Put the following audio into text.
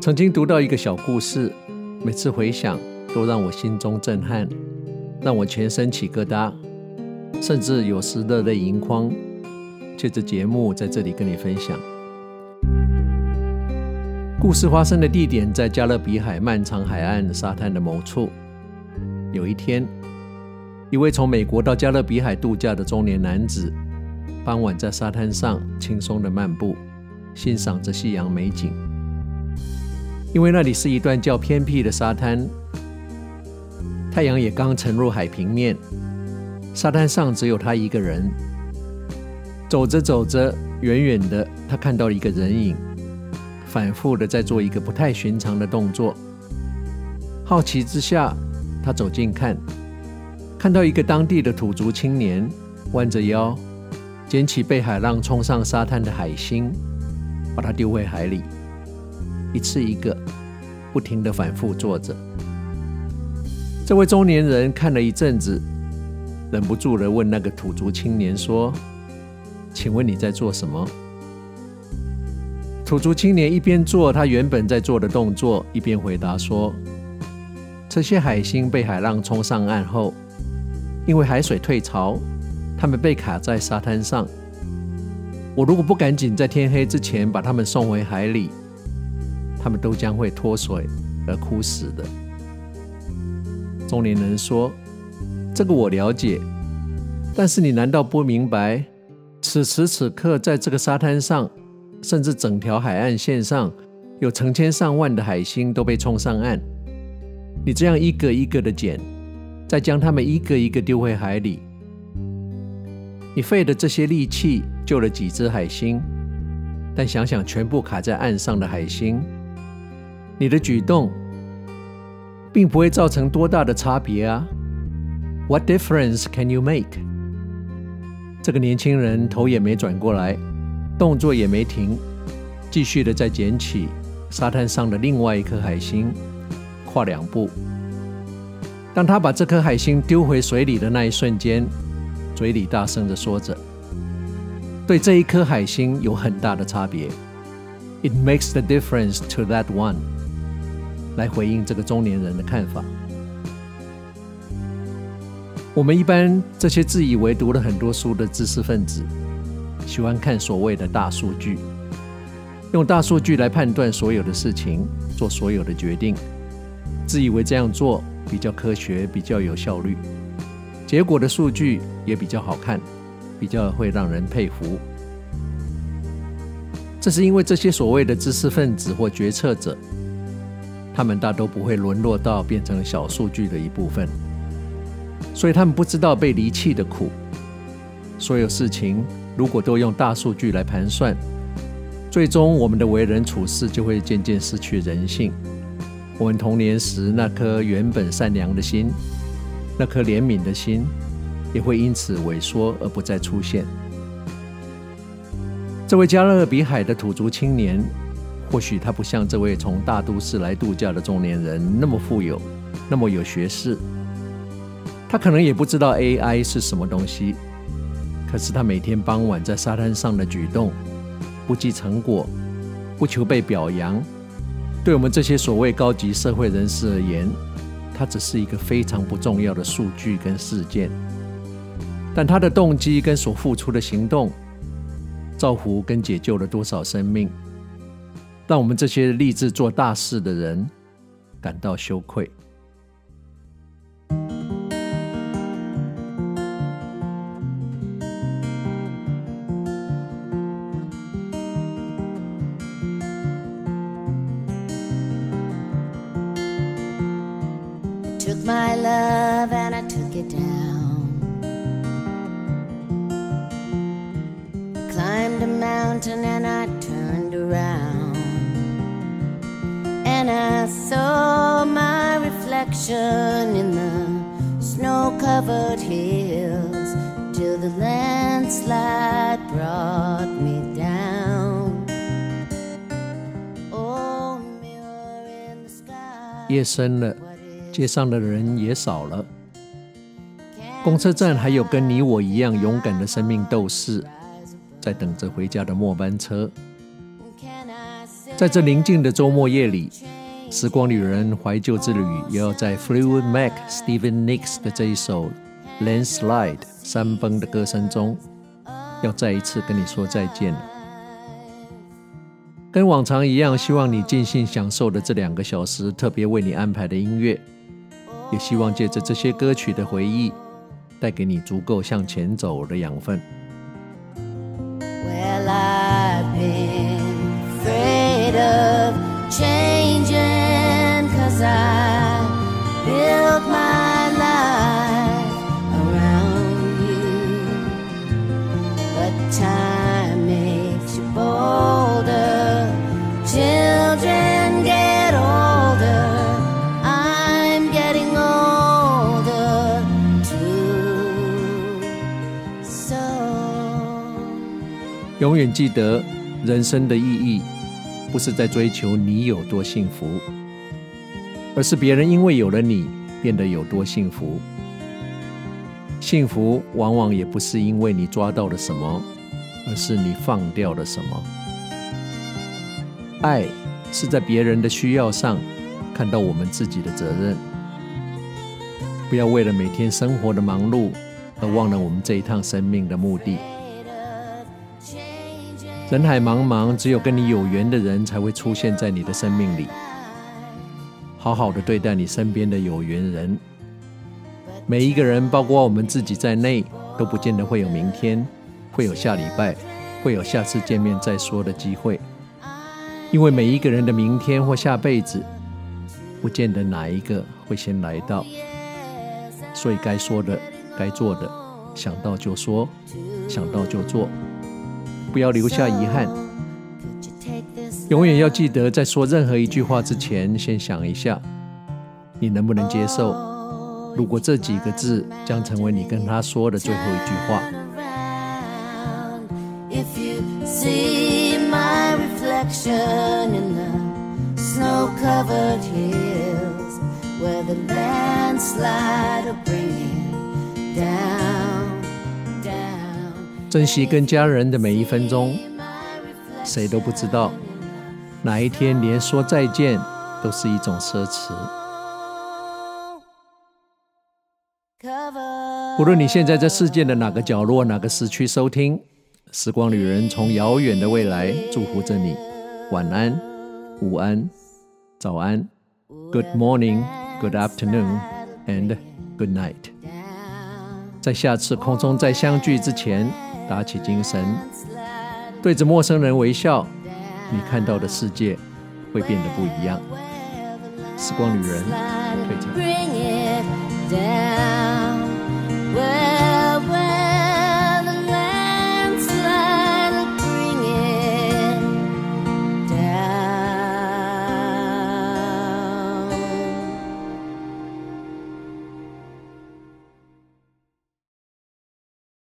曾經讀到一個小故事，每次回想都讓我心中震撼，讓我全身起疙瘩，甚至有時熱淚盈眶。借着節目在這裡跟你分享。故事發生的地點在加勒比海漫長海岸沙灘的某處。有一天，一位從美國到加勒比海度假的中年男子，傍晚在沙灘上輕鬆地漫步，欣賞着夕陽美景。因為那裡是一段較偏僻的沙灘，太陽也剛沉入海平面，沙灘上只有他一個人。走着走着，遠遠的他看到一個人影，反復的在做一個不太尋常的動作。好奇之下，他走近看，看到一個當地的土著青年彎着腰，撿起被海浪衝上沙灘的海星，把它丟回海裡。一次一個，不停的反覆做着。這位中年人看了一陣子，忍不住的問那個土族青年說：“請問你在做什麼？”土族青年一邊做他原本在做的動作，一邊回答說：“這些海星被海浪衝上岸後，因為海水退潮，他們被卡在沙灘上。我如果不趕緊在天黑之前把他們送回海裡，”他們都將會脫水而枯死的。中年人說：“這個我了解，但是你難道不明白？此時此，此刻，在這個沙灘上，甚至整條海岸線上，有成千上萬的海星都被衝上岸。你這樣一個一個的撿，再將它們一個一個丟回海裡，你費的這些力氣救了幾隻海星，但想想全部卡在岸上的海星。”你的舉動，並不會造成多大的差別啊！What difference can you make？這個年輕人頭也沒轉過來，動作也沒停，繼續的在撿起沙灘上的另外一顆海星，跨兩步。當他把這顆海星丟回水裡的那一瞬間，嘴裡大聲的說着：“對這一顆海星有很大的差別。”It makes the difference to that one。來回應這個中年人的看法。我們一般這些自以為讀了很多書的知識分子，喜歡看所謂的大數據，用大數據來判斷所有的事情，做所有的決定，自以為這樣做比較科學、比較有效率，結果的數據也比較好看，比較會讓人佩服。這是因為這些所謂的知識分子或決策者。他們大都不會淪落到變成小數據的一部分，所以他們不知道被離棄的苦。所有事情如果都用大數據來盤算，最終我們的為人處世就會漸漸失去人性。我們童年時那顆原本善良的心，那顆憐憫的心，也會因此萎縮而不再出現。這位加勒比海的土著青年。或許他不像這位從大都市來度假的中年人那麼富有，那麼有學識。他可能也不知道 AI 是什麼東西，可是他每天傍晚在沙灘上的舉動，不計成果，不求被表揚。對我們這些所謂高級社會人士而言，他只是一個非常不重要的數據跟事件。但他的動機跟所付出的行動，造福跟解救了多少生命？讓我們這些立志做大事的人感到羞愧。I took my love and I took it down. I climbed a mountain and I 夜深了，街上的人也少了。公車站還有跟你我一樣勇敢的生命鬥士，在等着回家的末班車。在這寧靜的周末夜裡。時光旅人懷舊之旅，也要在 Fleetwood Mac、Stevie Nicks 的這一首《Landslide》山崩的歌聲中，要再一次跟你說再見。跟往常一樣，希望你盡興享受的這兩個小時，特別為你安排的音樂，也希望借着這些歌曲的回憶，帶給你足夠向前走的養分。永遠記得，人生的意義不是在追求你有多幸福，而是別人因為有了你變得有多幸福。幸福往往也不是因為你抓到了什麼，而是你放掉了什麼。愛。是在別人的需要上看到我們自己的責任，不要為了每天生活的忙碌而忘了我們這一趟生命的目的。人海茫茫，只有跟你有緣的人才會出現在你的生命裡。好好的對待你身邊的有緣人，每一個人，包括我們自己在內，都不見得會有明天，會有下禮拜，會有下次見面再說的機會。因為每一個人的明天或下輩子，不見得哪一個會先來到，所以該說的、該做的，想到就說，想到就做，不要留下遺憾。永遠要記得，在說任何一句話之前，先想一下，你能不能接受？如果這幾個字將成為你跟他說的最後一句話。珍惜跟家人的每一分鐘，誰都不知道哪一天連說再見都是一種奢侈。不論你現在在世界的哪個角落、哪個時區收聽，《時光旅人》從遙遠的未來祝福着你。晚安，午安，早安，Good morning, Good afternoon, and Good night。在下次空中再相聚之前，打起精神，對着陌生人微笑，你看到的世界會變得不一樣。時光旅人退場。我